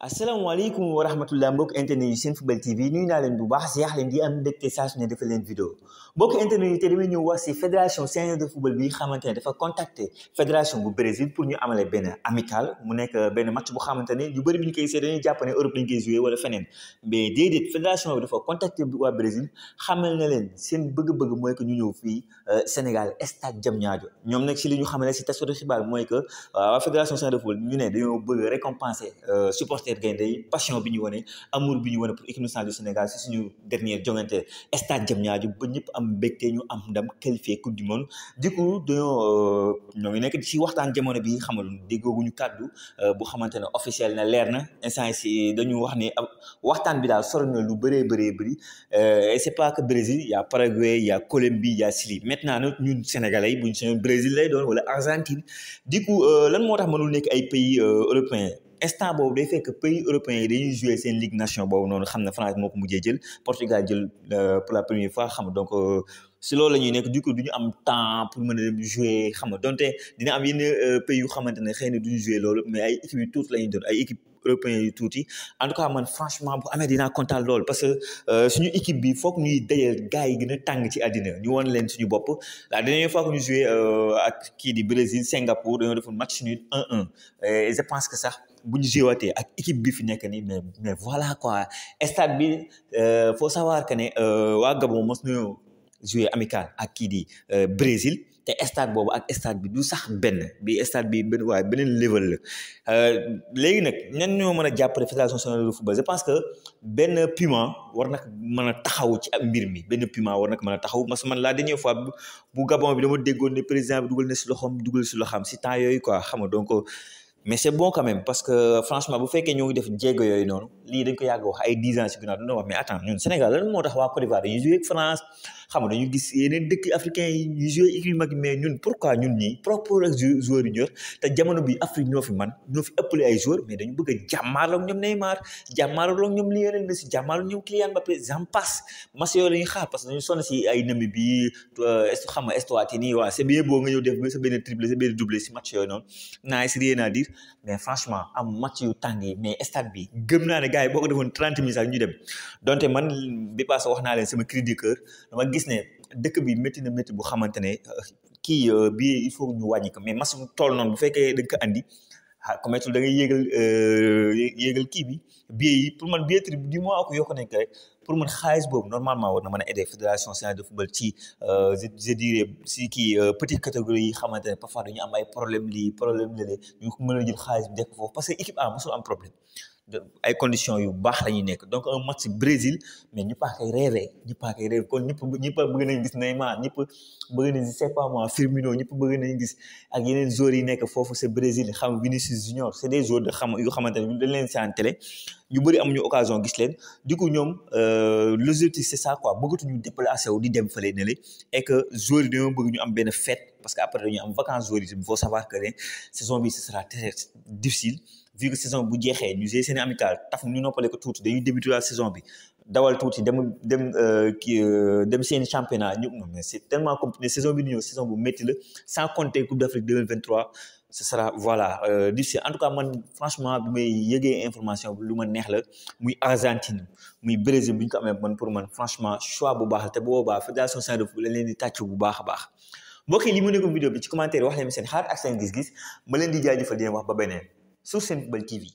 assalamu asalaamaaleykum wa rahmatullah mbokk internet yi seen football TV nuyu naa leen bu baax si leen di am mbégte saa su ne defal leen vidéo mbokk internet yi te damay ñëw wax si fédération sénégalaise de football bi xamante ne dafa contacter fédération bu Brésil pour ñu amale benn amical mu nekk benn match bu xamante ne ñu bëri bi ñu koy seet dañuy jàpp ne Europe lañ koy joué wala feneen mais déedéet fédération bi dafa contacter waa Brésil xamal na leen seen bëgg-bëgg mooy que ñu ñëw fii euh, Sénégal stade Diamniadio ñoom nag si li ñu xamale si taskatu xibaar mooy que euh, waa fédération sénégalaise de football ñu ne dañoo bëgg récompenser euh, support supporter gaynde yi passion bi ñu wane amour bi ñu wane pour équipe nationale du Sénégal si suñu dernière jongante stade Diamniadio ba ñëpp am mbégte ñu am ndam qualifié coupe du monde du coup dañoo euh, ñoo ngi nekk si waxtaan jamono bi xamal ñu kàddu euh, bu xamante ne officiel na leer na instant si dañu wax ne waxtaan bi daal sori na lu bëree bëree bëri euh, et c'est pas que Brésil y a Paraguay y a Colombie y a Chili maintenant nag ñun Sénégalais yi buñ seen Brésil lay doon wala Argentine du coup lan moo tax mënul nekk ay pays européens instant boobu day fekk pays européens yi dañuy jouer seen ligue nation boobu noonu xam ne France moo ko mujjee jël Portugal jël euh, pour la première fois xam donc euh, si loolu la ñuy nekk du coup duñu am temps pour mën a jouer xam nga donte dina am yenn euh, pays yu xamante ne xëy na du jouer loolu mais ay équipe yu tuuti la ñuy doon ay équipe européens yu tuuti en tout cas man franchement bu amee dinaa kontaan lool parce que suñu équipe bi foog ñuy dajal gars yi gën a tàng ci àddina ñu won leen suñu bopp la dernière fois que ñu jouer ak kii di Brésil Singapour dañoo defoon match nul 1-1 et je pense que sax bu ñu joué ak équipe bi fi nekk nii mais mais voilà quoi stade bi euh, faut savoir que ne euh, waa Gabon mos nañoo joué amical ak kii di euh, Brésil te stade boobu ak stade bi du sax benn bi stade bi benn waaye beneen level la léegi nag ñan ñoo mën a jàppale fédération sénégalaise de football je pense que benn puma war nag mën a taxaw ci mbir mi benn puma war nag mën a taxaw parce que man la dernière fois bu Gabon bi dama déggoon ne président bi dugal na si loxoom dugal si loxoom si temps yooyu quoi xam nga donc. mais c'est bon quand même parce que franchement vous faites que nous, def nous yooyu dañ ko ay 10 ans si nous mais attends ñun Sénégal lan nous tax de Côte d'Ivoire France xam nga dañu gis yeneen dëkk africain yi ñu joué équipe yu mais ñun pourquoi ñun ñii propre ak joueurs ñor te jamono bi Afrique ñoo fi man ñoo fi ëppale ay joueurs mais dañu bëgg a jàmmaarloog ñoom Neymar jàmmaarloog ñoom Lionel ñoom Kylian Mbappé j'en passe match yooyu la ñuy xaar si ay Namibie bi euh, xam nga Eswatini waaw c'est bien beau nga ñëw def sa benn triplé sa benn doublé si match yooyu noonu nice rien à dire mais franchement am match yu tàng mais stade bi gëm naa ne gars yi boo ko defoon trente minutes ak ñu dem donte man bi passé wax naa leen sama cri gis ne dëkk bi métti na métti bu xamante ne euh, kii euh, bii il faut ñu wàññi ko mais masu tool noonu bu fekkee da nga ko andi ah, comme itul da ngay yéegal euh, kii bi biais yi man billetterie bi du mois ko yokku nañ ko rek pour man xaalis boobu normalement war na man a aider fédération sénégalaise de football ci je dirais si kii petite catégorie yi xamante parfois dañu am ay problème lii problème lële ñu mën a jël xaalis bi def parce que équipe A mosul am problème ay conditions yu baax la ñuy nekk donc un match Brésil mais ñëpp a koy rêvé ñëpp a koy rêvé kon ñëpp ñëpp bëgg nañ gis Neymar ñëpp bëgg nañ c'est pas moi Firmino ñëpp bëgg nañ gis ak yeneen joueurs yi nekk foofu c'est Brésil xam Vinicius Junior c'est des joueurs de xam yu xamante ne dañ leen seen télé ñu bëri amuñu occasion gis leen du coup ñoom euh, l'objectif c'est ça quoi bëggatuñu déplacé wu di dem fële ne et que joueurs yi dañoo bëgg ñu am benn fête parce que après dañu am vacances joueurs yi il faut savoir que ne saison bi ce sera très difficile vu que saison bu jeexee ñu jé seen amical taf ñu noppalé ko tuuti dañuy débuté la saison bi dawal tuuti dem dem euh, kii euh, dem seen championnat ñu mais c' est tellement compliqué saison bi di saison bu metti la sans compter coupe d'Afrique 2023 ce sera voilà euh, difficile en tout cas man franchement bi may yëgee information bi lu ma neex la muy Argentine muy Brésil buñ ko amé man pour man franchement choix bu baax té boba fédération Sénégal de football lañ leen di tatchu bu baax baax mbokk yi li mu nekkoon vidéo bi ci commentaire wax leen seen xalaat ak seen gis-gis ma leen di jaajëfal di wax ba benen sous Simple TV.